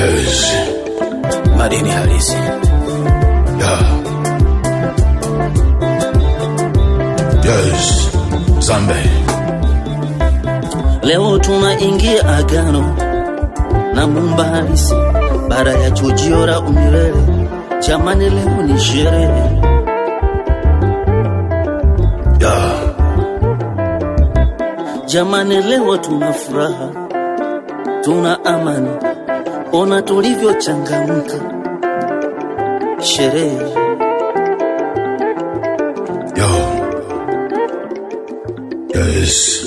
Buzz, madini halisi yeah. Yes. Zambe. Leo tunaingia agano na mumba halisi bara ya chujio la umilele. Jamani, leo ni sherehe yeah. Jamani, leo tuna furaha, tuna amani Ona tulivyochangamka, sherehe yo yes.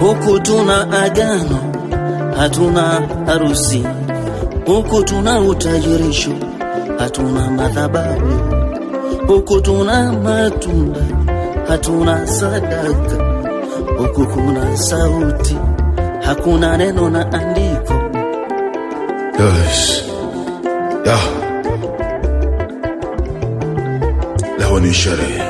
Huku tuna agano, hatuna harusi. Huku tuna utajirisho, hatuna madhabahu huku tuna matunda, hatuna sadaka, huku kuna sauti, hakuna neno na andiko. Yes. Yeah. Leo ni sherehe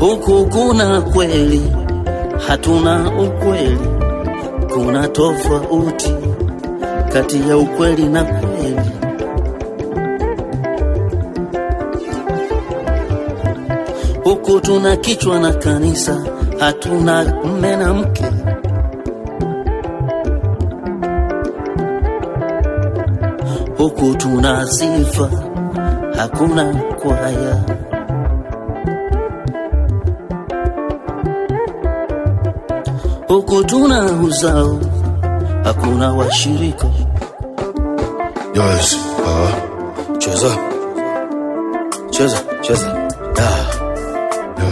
huku kuna kweli, hatuna ukweli tofauti kati ya ukweli na kweli. Huku tuna kichwa na kanisa, hatuna mme na mke. Huku tuna sifa, hakuna kwaya. huku tuna uzao hakuna washiriko Yes, ah. cheza cheza cheza ah.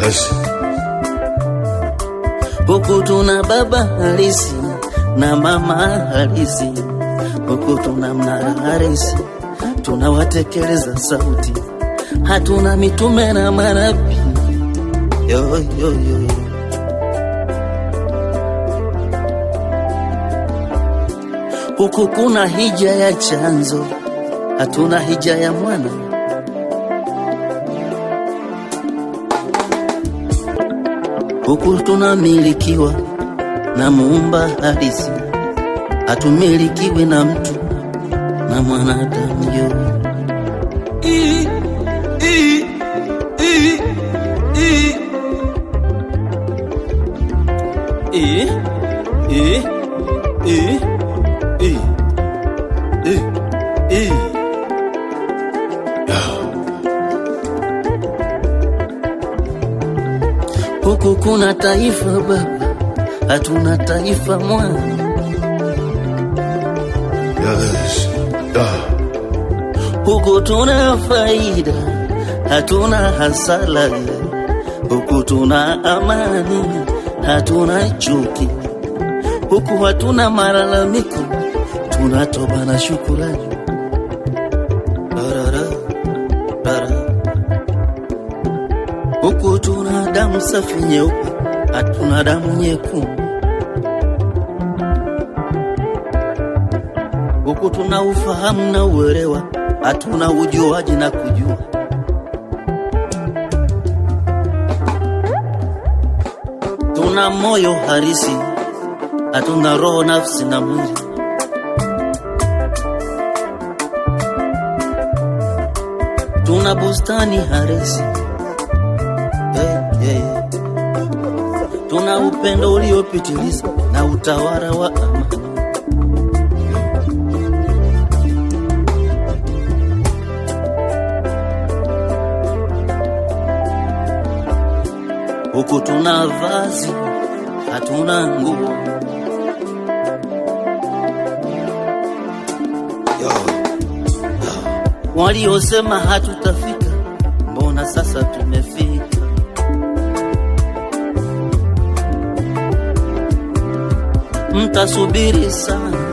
Yes. Huku tuna baba halisi na mama halisi, huku tuna mnara halisi, tunawatekeleza sauti, hatuna mitume na marabi yo, yo, yo, yo. Huku kuna hija ya chanzo, hatuna hija ya mwana. Huku tunamilikiwa na muumba halisi, hatumilikiwi na mtu na mwanadamu yo E, e, Eh? huku kuna taifa baba, hatuna taifa mwana. Yes. Huku tuna faida, hatuna hasala Huku tuna amani, hatuna chuki. Huku hatuna malalamiko, toba na shukurani. Huku tuna damu safi nyeupe, hatuna damu nyekundu. Huku tuna ufahamu na uelewa, hatuna ujuaji na kujua. Tuna moyo harisi, hatuna roho, nafsi na mwili. Tuna bustani harisi upendo uliopitiliza na utawala wa amani. Huku tuna vazi, hatuna nguo. Waliosema hatutafika, mbona sasa tumefika? Nta tá subirisan